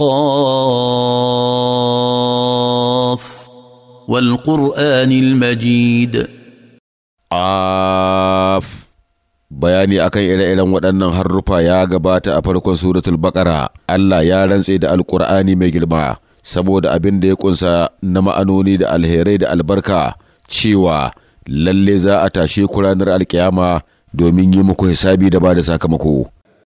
قاف والقرآن المجيد قاف bayani akan ire-iren waɗannan harrufa ya gabata a farkon suratul baƙara Allah ya rantse da alƙur'ani mai girma saboda abin da ya ƙunsa na ma'anoni da alherai da albarka cewa lalle za a tashe ku ranar alkiyama domin yi muku hisabi da ba da sakamako